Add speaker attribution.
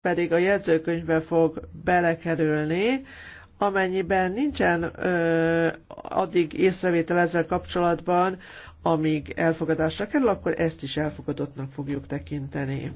Speaker 1: pedig a jegyzőkönyvbe fog belekerülni, amennyiben nincsen ö, addig észrevétel ezzel kapcsolatban, amíg elfogadásra kerül, akkor ezt is elfogadottnak fogjuk tekinteni.